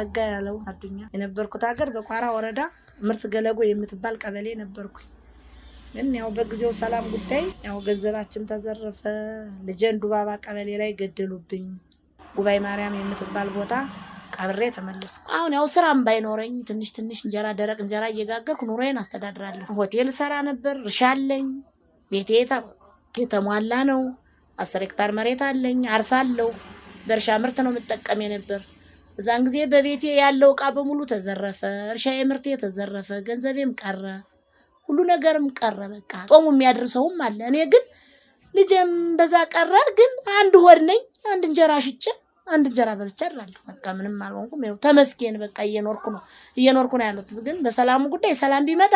ጸጋ ያለው አዱኛ የነበርኩት ሀገር በቋራ ወረዳ ምርት ገለጎ የምትባል ቀበሌ ነበርኩኝ። ግን ያው በጊዜው ሰላም ጉዳይ ያው ገንዘባችን ተዘረፈ። ልጄን ዱባባ ቀበሌ ላይ ገደሉብኝ። ጉባኤ ማርያም የምትባል ቦታ ቀብሬ ተመለስኩ። አሁን ያው ስራም ባይኖረኝ ትንሽ ትንሽ እንጀራ ደረቅ እንጀራ እየጋገርኩ ኑሮዬን አስተዳድራለሁ። ሆቴል ሰራ ነበር። እርሻ አለኝ። ቤቴ የተሟላ ነው። አስር ሄክታር መሬት አለኝ። አርሳለሁ። በእርሻ ምርት ነው የምጠቀም የነበር በዛን ጊዜ በቤቴ ያለው እቃ በሙሉ ተዘረፈ፣ እርሻዬ፣ ምርቴ ተዘረፈ፣ ገንዘቤም ቀረ፣ ሁሉ ነገርም ቀረ። በቃ ጦሙ የሚያድር ሰውም አለ። እኔ ግን ልጄም በዛ ቀረ። ግን አንድ ሆድ ነኝ። አንድ እንጀራ ሽጬ አንድ እንጀራ በልቼ አድራለሁ። በቃ ምንም አልሆንኩም። ይኸው ተመስገን። በቃ እየኖርኩ ነው እየኖርኩ ነው ያሉት። ግን በሰላሙ ጉዳይ ሰላም ቢመጣ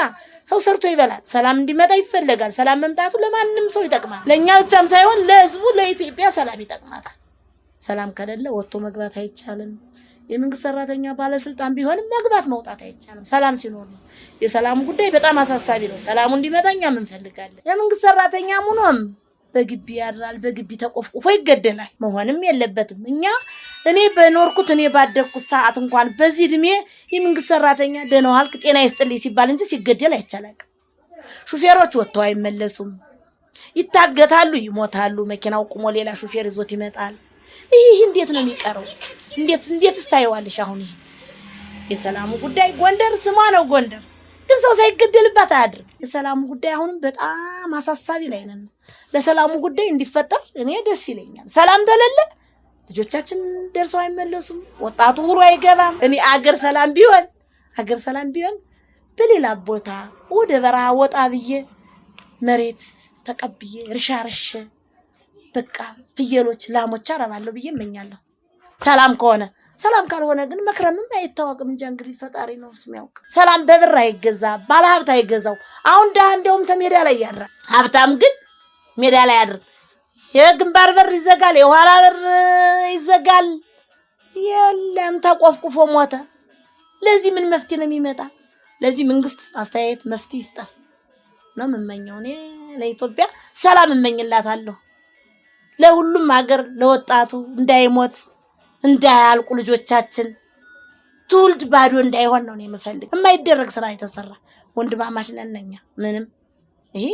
ሰው ሰርቶ ይበላል። ሰላም እንዲመጣ ይፈለጋል። ሰላም መምጣቱ ለማንም ሰው ይጠቅማል። ለእኛ ብቻም ሳይሆን ለህዝቡ ለኢትዮጵያ ሰላም ይጠቅማታል። ሰላም ከሌለ ወጥቶ መግባት አይቻልም። የመንግስት ሰራተኛ ባለስልጣን ቢሆንም መግባት መውጣት አይቻልም፣ ሰላም ሲኖር ነው። የሰላሙ ጉዳይ በጣም አሳሳቢ ነው። ሰላሙ እንዲመጣ እኛም እንፈልጋለን። የመንግስት ሰራተኛ ሙኖም በግቢ ያድራል፣ በግቢ ተቆፍቁፎ ይገደላል። መሆንም የለበትም። እኛ እኔ በኖርኩት እኔ ባደግኩት ሰዓት እንኳን በዚህ እድሜ የመንግስት ሰራተኛ ደህና ዋልክ ጤና ይስጥልኝ ሲባል እንጂ ሲገደል አይቻላቅም። ሹፌሮች ወጥተው አይመለሱም፣ ይታገታሉ፣ ይሞታሉ። መኪናው ቁሞ ሌላ ሹፌር ይዞት ይመጣል። ይህ እንዴት ነው የሚቀረው? እንዴት እንዴት ስታየዋለሽ? አሁን ይሄ የሰላሙ ጉዳይ ጎንደር ስሟ ነው። ጎንደር ግን ሰው ሳይገደልባት አያድርግ። የሰላሙ ጉዳይ አሁንም በጣም አሳሳቢ ላይ ነን። ለሰላሙ ጉዳይ እንዲፈጠር እኔ ደስ ይለኛል። ሰላም ተለለ ልጆቻችን ደርሰው አይመለሱም። ወጣቱ ውሎ አይገባም። እኔ አገር ሰላም ቢሆን አገር ሰላም ቢሆን በሌላ ቦታ ወደ በረሃ ወጣ ብዬ መሬት ተቀብዬ እርሻ ርሼ በቃ ፍየሎች፣ ላሞች አረባለሁ ብዬ እመኛለሁ። ሰላም ከሆነ ሰላም ካልሆነ ግን መክረምም አይታወቅም። እንጂ እንግዲህ ፈጣሪ ነው የሚያውቅ። ሰላም በብር አይገዛ፣ ባለ ሀብት አይገዛው። አሁን ድሀ እንዲያውም ተሜዳ ላይ ያድረ ሀብታም ግን ሜዳ ላይ ያድር። የግንባር በር ይዘጋል፣ የኋላ በር ይዘጋል። የለም ተቆፍቁፎ ሞተ። ለዚህ ምን መፍትሄ ነው የሚመጣ? ለዚህ መንግስት አስተያየት መፍትሄ ይፍጠር ነው የምመኘው እኔ ለኢትዮጵያ ሰላም እመኝላታለሁ። ለሁሉም ሀገር ለወጣቱ እንዳይሞት እንዳያልቁ ልጆቻችን ትውልድ ባዶ እንዳይሆን ነው የምፈልግ። የማይደረግ ስራ የተሰራ ወንድማማች ነን እኛ። ምንም ይሄ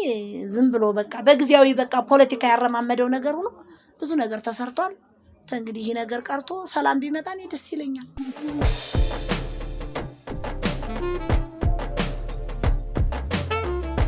ዝም ብሎ በቃ በጊዜያዊ በቃ ፖለቲካ ያረማመደው ነገር ሆኖ ብዙ ነገር ተሰርቷል። እንግዲህ ይህ ነገር ቀርቶ ሰላም ቢመጣ እኔ ደስ ይለኛል።